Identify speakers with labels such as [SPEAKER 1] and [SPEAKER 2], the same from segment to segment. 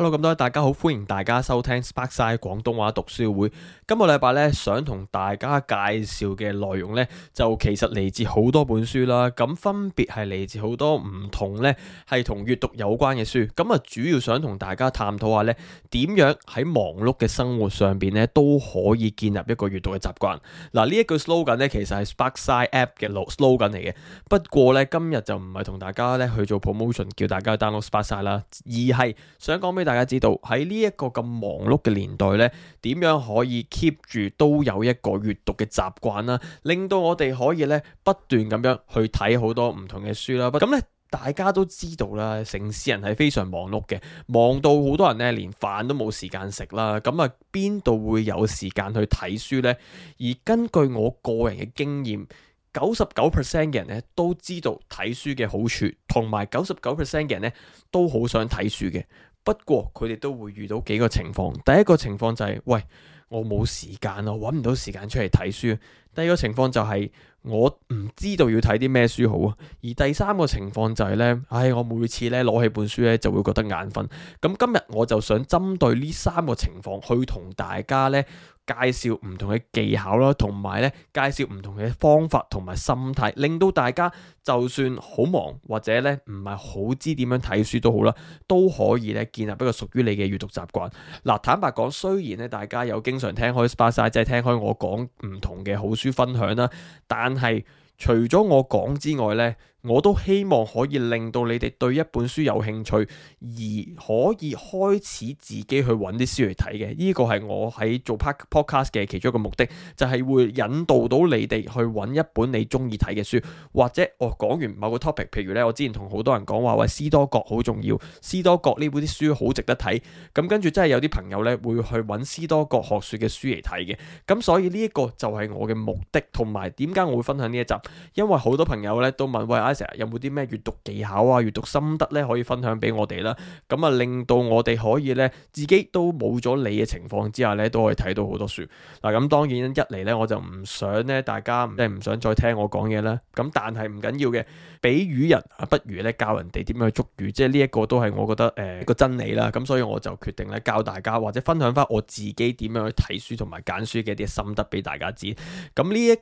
[SPEAKER 1] Hello，咁多位大家好，歡迎大家收聽 Sparksine 廣東話讀書會。今個禮拜咧，想同大家介紹嘅內容咧，就其實嚟自好多本書啦。咁分別係嚟自好多唔同咧，係同閱讀有關嘅書。咁啊，主要想同大家探討下咧，點樣喺忙碌嘅生活上邊咧，都可以建立一個閱讀嘅習慣。嗱、啊，呢一句 slogan 咧，其實係 Sparksine App 嘅 slogan 嚟嘅。不過咧，今日就唔係同大家咧去做 promotion，叫大家 download Sparksine 啦，而係想講俾。大家知道喺呢一個咁忙碌嘅年代呢，點樣可以 keep 住都有一個閱讀嘅習慣啦，令到我哋可以呢不斷咁樣去睇好多唔同嘅書啦。咁咧，大家都知道啦，城市人係非常忙碌嘅，忙到好多人呢連飯都冇時間食啦。咁啊，邊度會有時間去睇書呢？而根據我個人嘅經驗，九十九 percent 嘅人咧都知道睇書嘅好處，同埋九十九 percent 嘅人咧都好想睇書嘅。不過佢哋都會遇到幾個情況，第一個情況就係，喂，我冇時間啊，揾唔到時間出嚟睇書；第二個情況就係，我唔知道要睇啲咩書好啊；而第三個情況就係呢，唉，我每次呢攞起本書呢，就會覺得眼瞓。咁今日我就想針對呢三個情況去同大家呢。介紹唔同嘅技巧啦，同埋咧介紹唔同嘅方法同埋心態，令到大家就算好忙或者咧唔係好知點樣睇書都好啦，都可以咧建立一個屬於你嘅閱讀習慣。嗱，坦白講，雖然咧大家有經常聽開 Sparksine，即係聽開我講唔同嘅好書分享啦，但係除咗我講之外咧。我都希望可以令到你哋對一本書有興趣，而可以開始自己去揾啲書嚟睇嘅。呢個係我喺做 podcast 嘅其中一個目的，就係會引導到你哋去揾一本你中意睇嘅書，或者我講、哦、完某個 topic，譬如呢，我之前同好多人講話喂，斯多葛好重要，斯多葛呢本啲書好值得睇。咁跟住真係有啲朋友呢會去揾斯多葛學説嘅書嚟睇嘅。咁所以呢一個就係我嘅目的，同埋點解我會分享呢一集，因為好多朋友呢都問喂有冇啲咩閱讀技巧啊、閱讀心得咧可以分享俾我哋啦？咁啊，令到我哋可以咧自己都冇咗你嘅情況之下咧，都可以睇到好多書嗱。咁啊，當然一嚟咧，我就唔想咧大家即係唔想再聽我講嘢啦。咁但係唔緊要嘅，俾魚人不如咧教人哋點樣去捉魚，即係呢一個都係我覺得誒、呃，那個真理啦。咁所以我就決定咧教大家或者分享翻我自己點樣去睇書同埋揀書嘅一啲心得俾大家知。咁呢一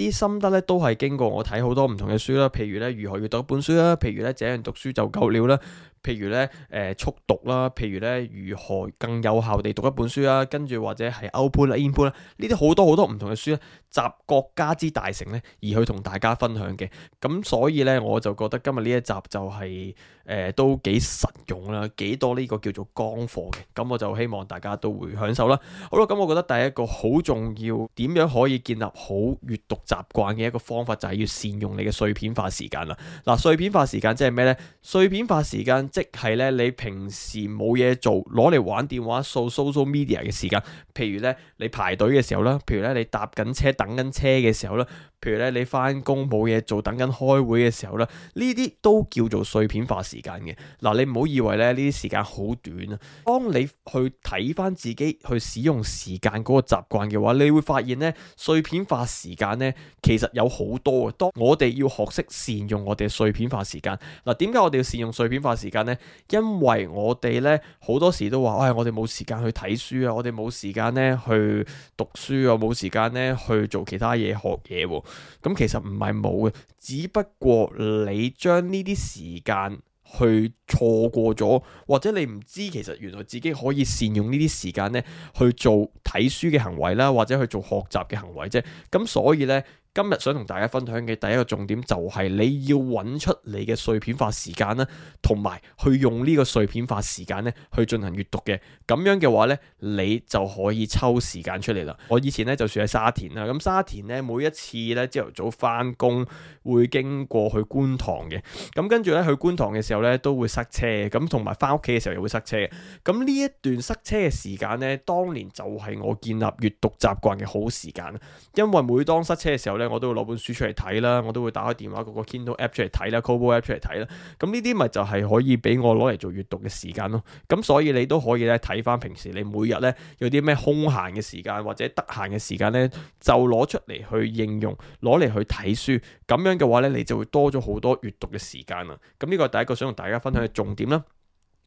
[SPEAKER 1] 啲心得咧都係經過我睇好多唔同嘅書啦，譬如咧如何閱讀一本書啦，譬如咧這樣讀書就夠了啦。譬如咧，誒速讀啦，譬如咧如何更有效地讀一本書啦，跟住或者係 output 啦，input 啦，呢啲好多好多唔同嘅書咧，集各家之大成咧，而去同大家分享嘅。咁所以咧，我就覺得今日呢一集就係、是、誒、呃、都幾實用啦，幾多呢個叫做乾貨嘅。咁我就希望大家都會享受啦。好啦，咁我覺得第一個好重要，點樣可以建立好閱讀習慣嘅一個方法，就係要善用你嘅碎片化時間啦。嗱，碎片化時間即係咩咧？碎片化時間。即係咧，你平時冇嘢做，攞嚟玩電話掃、掃 social media 嘅時間，譬如咧，你排隊嘅時候啦，譬如咧，你搭緊車、等緊車嘅時候啦。譬如咧，你返工冇嘢做，等緊開會嘅時候咧，呢啲都叫做碎片化時間嘅。嗱，你唔好以為咧呢啲時間好短啊。當你去睇返自己去使用時間嗰個習慣嘅話，你會發現咧碎片化時間咧其實有好多。當我哋要學識善用我哋碎片化時間。嗱，點解我哋要善用碎片化時間咧？因為我哋咧好多時都話，唉、哎，我哋冇時間去睇書啊，我哋冇時間咧去讀書啊，冇時間咧去做其他嘢學嘢喎。咁其實唔係冇嘅，只不過你將呢啲時間去錯過咗，或者你唔知其實原來自己可以善用呢啲時間咧去做睇書嘅行為啦，或者去做學習嘅行為啫。咁所以咧。今日想同大家分享嘅第一個重點就係你要揾出你嘅碎片化時間啦，啊，同埋去用呢個碎片化時間咧去進行閱讀嘅，咁樣嘅話咧，你就可以抽時間出嚟啦。我以前咧就住喺沙田啦，咁、嗯、沙田咧每一次咧朝頭早翻工會經過去觀塘嘅，咁跟住咧去觀塘嘅時候咧都會塞車，咁同埋翻屋企嘅時候又會塞車嘅。咁、嗯、呢一段塞車嘅時間咧，當年就係我建立閱讀習慣嘅好時間，因為每當塞車嘅時候。我都會攞本書出嚟睇啦，我都會打開電話嗰個 Kindle app 出嚟睇啦 Kobo app 出嚟睇啦，咁呢啲咪就係可以俾我攞嚟做閱讀嘅時間咯。咁所以你都可以咧睇翻平時你每日咧有啲咩空閒嘅時間或者得閒嘅時間咧，就攞出嚟去應用，攞嚟去睇書。咁樣嘅話咧，你就會多咗好多閱讀嘅時間啦。咁呢個係第一個想同大家分享嘅重點啦，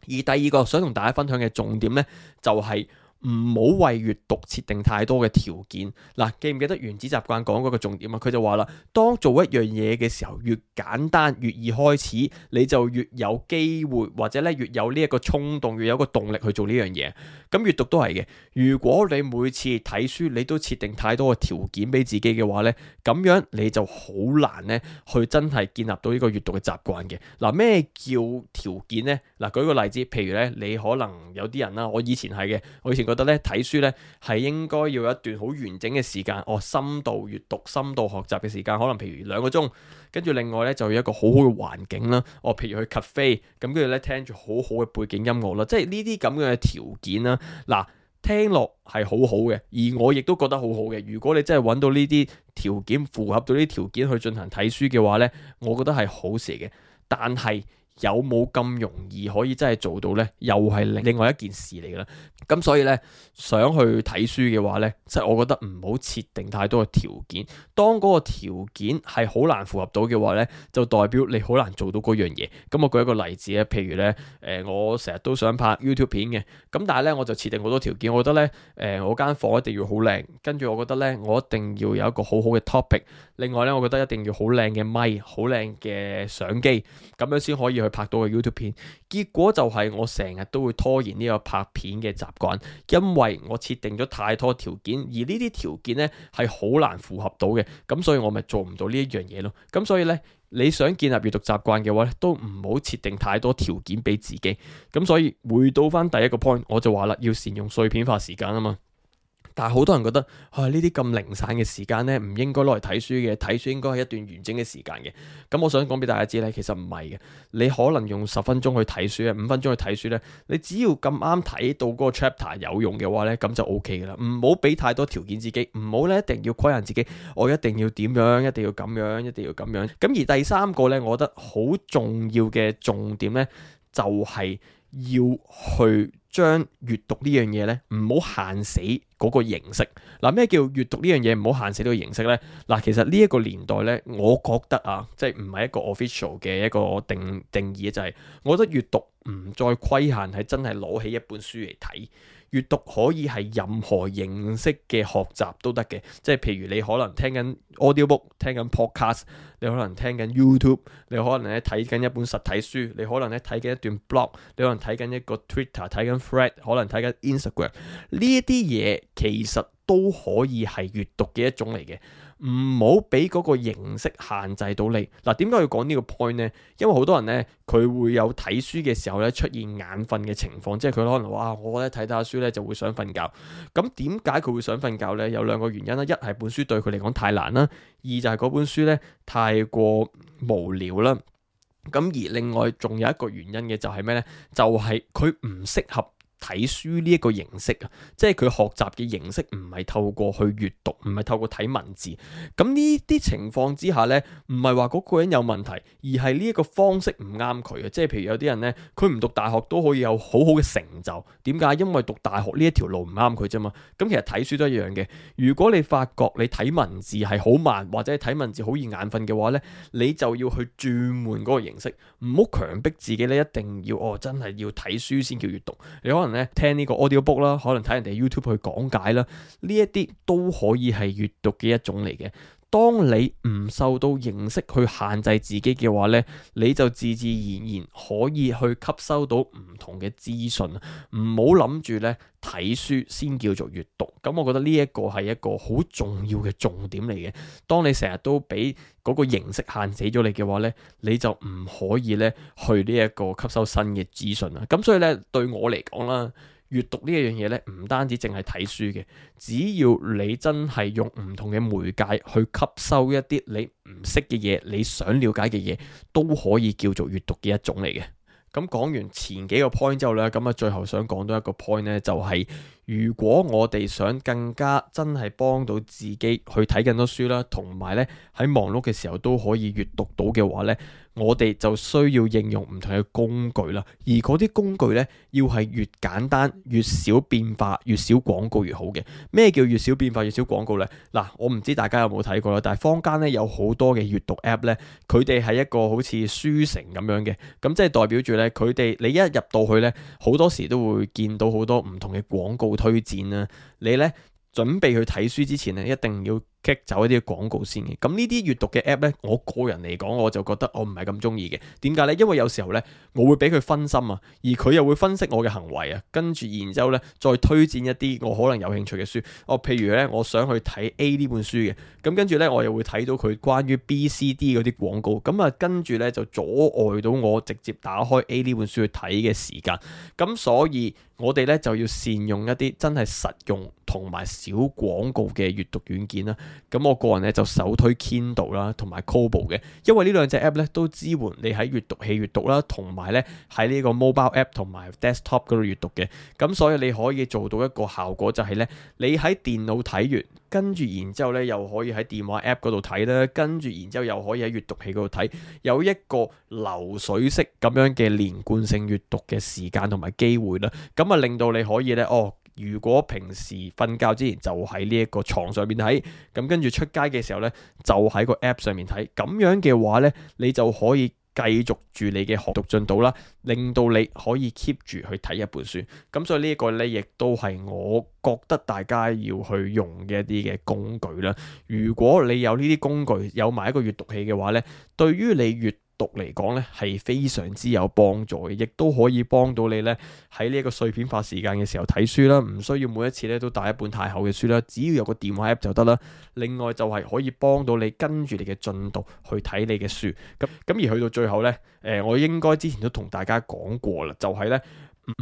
[SPEAKER 1] 而第二個想同大家分享嘅重點咧，就係、是。唔好為閱讀設定太多嘅條件。嗱、啊，記唔記得原子習慣講嗰個重點啊？佢就話啦，當做一樣嘢嘅時候，越簡單越易開始，你就越有機會，或者咧越有呢一個衝動，越有個動力去做呢樣嘢。咁、嗯、閱讀都係嘅。如果你每次睇書，你都設定太多嘅條件俾自己嘅話咧，咁樣你就好難咧去真係建立到呢個閱讀嘅習慣嘅。嗱、啊，咩叫條件呢？嗱、啊，舉個例子，譬如咧，你可能有啲人啦，我以前係嘅，我以前覺得咧睇書咧係應該要一段好完整嘅時間，哦，深度閱讀、深度學習嘅時間，可能譬如兩個鐘，跟住另外咧就要一個好好嘅環境啦，哦，譬如去 cafe，咁跟住咧聽住好好嘅背景音樂啦，即係呢啲咁樣嘅條件啦，嗱，聽落係好好嘅，而我亦都覺得好好嘅。如果你真係揾到呢啲條件符合到呢啲條件去進行睇書嘅話咧，我覺得係好事嘅，但係，有冇咁容易可以真係做到咧？又係另外一件事嚟嘅啦。咁所以咧，想去睇書嘅話咧，即係我覺得唔好設定太多嘅條件。當嗰個條件係好難符合到嘅話咧，就代表你好難做到嗰樣嘢。咁我舉一個例子啊，譬如咧，誒、呃、我成日都想拍 YouTube 片嘅，咁但係咧我就設定好多條件，我覺得咧，誒、呃、我間房一定要好靚，跟住我覺得咧我一定要有一個好好嘅 topic。另外咧，我覺得一定要好靚嘅咪，好靚嘅相機，咁樣先可以。去拍到嘅 YouTube 片，結果就係我成日都會拖延呢個拍片嘅習慣，因為我設定咗太多條件，而呢啲條件呢係好難符合到嘅，咁所以我咪做唔到呢一樣嘢咯。咁所以呢，你想建立閱讀習慣嘅話咧，都唔好設定太多條件俾自己。咁所以回到翻第一個 point，我就話啦，要善用碎片化時間啊嘛。但係好多人覺得啊呢啲咁零散嘅時間呢，唔應該攞嚟睇書嘅，睇書應該係一段完整嘅時間嘅。咁我想講俾大家知呢，其實唔係嘅。你可能用十分鐘去睇書啊，五分鐘去睇書呢，你只要咁啱睇到嗰個 chapter 有用嘅話呢，咁就 OK 噶啦。唔好俾太多條件自己，唔好呢一定要規限自己，我一定要點樣，一定要咁樣，一定要咁樣。咁而第三個呢，我覺得好重要嘅重點呢，就係要去。.將閱讀呢樣嘢呢，唔好限死嗰個形式。嗱、啊，咩叫閱讀呢樣嘢唔好限死呢個形式呢？嗱、啊，其實呢一個年代呢，我覺得啊，即係唔係一個 official 嘅一個定定義就係、係、我覺得閱讀唔再規限，係真係攞起一本書嚟睇。閱讀可以係任何形式嘅學習都得嘅，即係譬如你可能聽緊 audiobook，聽緊 podcast，你可能聽緊 YouTube，你可能咧睇緊一本實體書，你可能咧睇緊一段 blog，你可能睇緊一個 Twitter，睇緊 thread，可能睇緊 Instagram，呢一啲嘢其實都可以係閱讀嘅一種嚟嘅。唔好俾嗰個形式限制到你嗱，啊、點解要講呢個 point 呢？因為好多人呢，佢會有睇書嘅時候呢，出現眼瞓嘅情況，即係佢可能話，我咧睇睇下書呢就會想瞓覺。咁點解佢會想瞓覺呢？有兩個原因啦，一係本書對佢嚟講太難啦，二就係嗰本書呢太過無聊啦。咁而另外仲有一個原因嘅就係咩呢？就係佢唔適合。睇書呢一個形式啊，即係佢學習嘅形式唔係透過去閱讀，唔係透過睇文字。咁呢啲情況之下呢，唔係話嗰個人有問題，而係呢一個方式唔啱佢嘅。即係譬如有啲人呢，佢唔讀大學都可以有好好嘅成就，點解？因為讀大學呢一條路唔啱佢啫嘛。咁其實睇書都一樣嘅。如果你發覺你睇文字係好慢，或者睇文字好易眼瞓嘅話呢，你就要去轉換嗰個形式，唔好強逼自己呢，一定要，哦，真係要睇書先叫閱讀。你可能，聽呢個 audiobook 啦，可能睇人哋 YouTube 去講解啦，呢一啲都可以係閱讀嘅一種嚟嘅。當你唔受到形式去限制自己嘅話呢，你就自自然然可以去吸收到唔同嘅資訊。唔好諗住呢睇書先叫做閱讀，咁、嗯、我覺得呢一個係一個好重要嘅重點嚟嘅。當你成日都俾嗰個形式限死咗你嘅話呢，你就唔可以呢去呢一個吸收新嘅資訊啦。咁、嗯、所以呢，對我嚟講啦。閱讀呢一樣嘢咧，唔單止淨係睇書嘅，只要你真係用唔同嘅媒介去吸收一啲你唔識嘅嘢，你想了解嘅嘢，都可以叫做閱讀嘅一種嚟嘅。咁講完前幾個 point 之後咧，咁啊最後想講多一個 point 咧，就係，就係。如果我哋想更加真係幫到自己去睇更多書啦，同埋咧喺忙碌嘅時候都可以閱讀到嘅話咧，我哋就需要應用唔同嘅工具啦。而嗰啲工具咧，要係越簡單、越少變化、越少廣告越好嘅。咩叫越少變化、越少廣告咧？嗱、啊，我唔知大家有冇睇過啦，但係坊間咧有好多嘅閱讀 app 咧，佢哋係一個好似書城咁樣嘅，咁即係代表住咧，佢哋你一入到去咧，好多時都會見到好多唔同嘅廣告。推薦啊，你咧準備去睇書之前咧，一定要剔走一啲廣告先嘅，咁呢啲閱讀嘅 app 咧，我個人嚟講，我就覺得我唔係咁中意嘅。點解呢？因為有時候呢，我會俾佢分心啊，而佢又會分析我嘅行為啊，跟住然之後呢，再推薦一啲我可能有興趣嘅書。我、哦、譬如呢，我想去睇 A 呢本書嘅，咁跟住呢，我又會睇到佢關於 B、C、D 嗰啲廣告，咁啊，跟住呢，就阻礙到我直接打開 A 呢本書去睇嘅時間。咁所以，我哋呢，就要善用一啲真係實用同埋少廣告嘅閱讀軟件啦。咁我個人咧就首推 Kindle 啦，同埋 Kobo 嘅，因為兩呢兩隻 app 咧都支援你喺閱讀器閱讀啦，同埋咧喺呢個 mobile app 同埋 desktop 度閱讀嘅。咁所以你可以做到一個效果就呢，就係咧你喺電腦睇完，跟住然之後咧又可以喺電話 app 度睇啦，跟住然之後又可以喺閱讀器度睇，有一個流水式咁樣嘅連貫性閱讀嘅時間同埋機會啦。咁啊令到你可以咧，哦。如果平時瞓覺之前就喺呢一個床上面睇，咁跟住出街嘅時候呢，就喺個 app 上面睇，咁樣嘅話呢，你就可以繼續住你嘅學讀進度啦，令到你可以 keep 住去睇一本書。咁所以呢一個呢，亦都係我覺得大家要去用嘅一啲嘅工具啦。如果你有呢啲工具，有買一個閱讀器嘅話呢，對於你閱讀。讀嚟講呢係非常之有幫助嘅，亦都可以幫到你呢喺呢一個碎片化時間嘅時候睇書啦，唔需要每一次咧都帶一本太厚嘅書啦，只要有個電話 App 就得啦。另外就係可以幫到你跟住你嘅進度去睇你嘅書。咁咁而去到最後呢，誒、呃、我應該之前都同大家講過啦，就係、是、呢：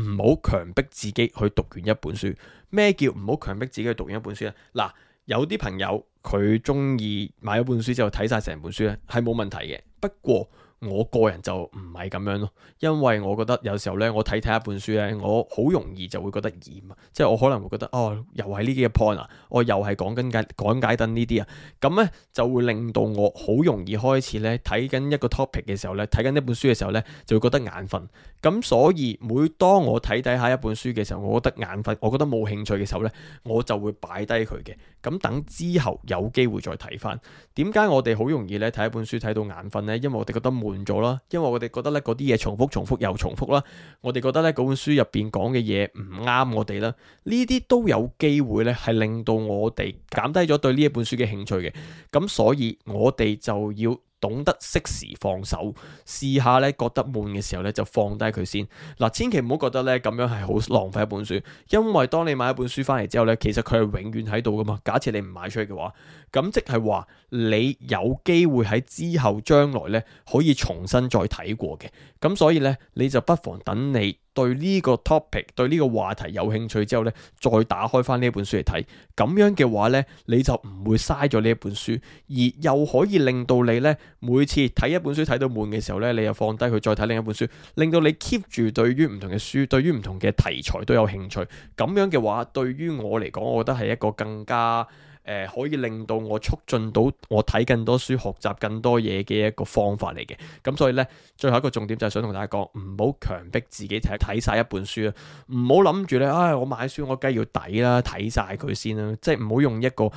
[SPEAKER 1] 唔好強迫自己去讀完一本書。咩叫唔好強迫自己去讀完一本書啊？嗱。有啲朋友佢中意買一本書之後睇晒，成本書咧，係冇問題嘅。不過我個人就唔係咁樣咯，因為我覺得有時候咧，我睇睇一本書咧，我好容易就會覺得厭，即係我可能會覺得哦，又係呢幾個 point 啊，我又係講緊解講解緊呢啲啊，咁咧就會令到我好容易開始咧睇緊一個 topic 嘅時候咧，睇緊一本書嘅時候咧，就會覺得眼瞓。咁所以每當我睇睇下一本書嘅時候，我覺得眼瞓，我覺得冇興趣嘅時候咧，我就會擺低佢嘅。咁等之後有機會再睇返。點解我哋好容易咧睇一本書睇到眼瞓呢？因為我哋覺得悶咗啦，因為我哋覺得咧嗰啲嘢重複重複又重複啦，我哋覺得咧本書入邊講嘅嘢唔啱我哋啦，呢啲都有機會咧係令到我哋減低咗對呢一本書嘅興趣嘅。咁所以我哋就要懂得適時放手，試下咧覺得悶嘅時候咧就放低佢先。嗱，啊，千祈唔好覺得咧咁樣係好浪費一本書，因為當你買一本書翻嚟之後咧，其實佢係永遠喺度噶嘛。假設你唔買出去嘅話，咁即係話你有機會喺之後將來咧可以重新再睇過嘅。咁所以咧，你就不妨等你。對呢個 topic，對呢個話題有興趣之後呢，再打開翻呢本書嚟睇，咁樣嘅話呢，你就唔會嘥咗呢一本書，而又可以令到你呢，每次睇一本書睇到悶嘅時候呢，你又放低佢再睇另一本書，令到你 keep 住對於唔同嘅書，對於唔同嘅題材都有興趣。咁樣嘅話，對於我嚟講，我覺得係一個更加。誒、呃，可以令到我促進到我睇更多書、學習更多嘢嘅一個方法嚟嘅。咁所以呢，最後一個重點就係想同大家講，唔好強迫自己睇睇晒一本書啊！唔好諗住呢，唉、哎，我買書我梗係要抵啦，睇晒佢先啦。即係唔好用一個誒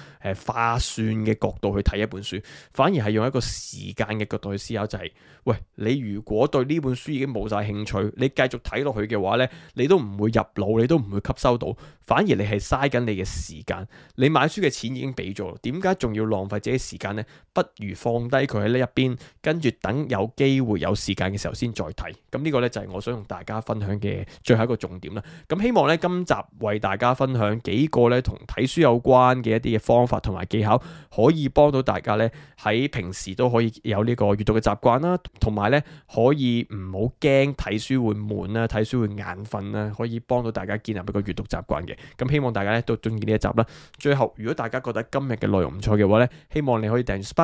[SPEAKER 1] 化、呃、算嘅角度去睇一本書，反而係用一個時間嘅角度去思考，就是。就係喂，你如果對呢本書已經冇晒興趣，你繼續睇落去嘅話呢，你都唔會入腦，你都唔會吸收到，反而你係嘥緊你嘅時間，你買書嘅錢。已經俾咗，點解仲要浪費自己時間咧？不如放低佢喺呢一邊，跟住等有機會、有時間嘅時候先再睇。咁呢個呢，就係我想同大家分享嘅最後一個重點啦。咁希望呢，今集為大家分享幾個呢同睇書有關嘅一啲嘅方法同埋技巧，可以幫到大家呢喺平時都可以有呢個閱讀嘅習慣啦，同埋呢，可以唔好驚睇書會悶啦、睇書會眼瞓啦，可以幫到大家建立一個閱讀習慣嘅。咁希望大家呢都中意呢一集啦。最後，如果大家覺得今日嘅內容唔錯嘅話呢，希望你可以訂閱。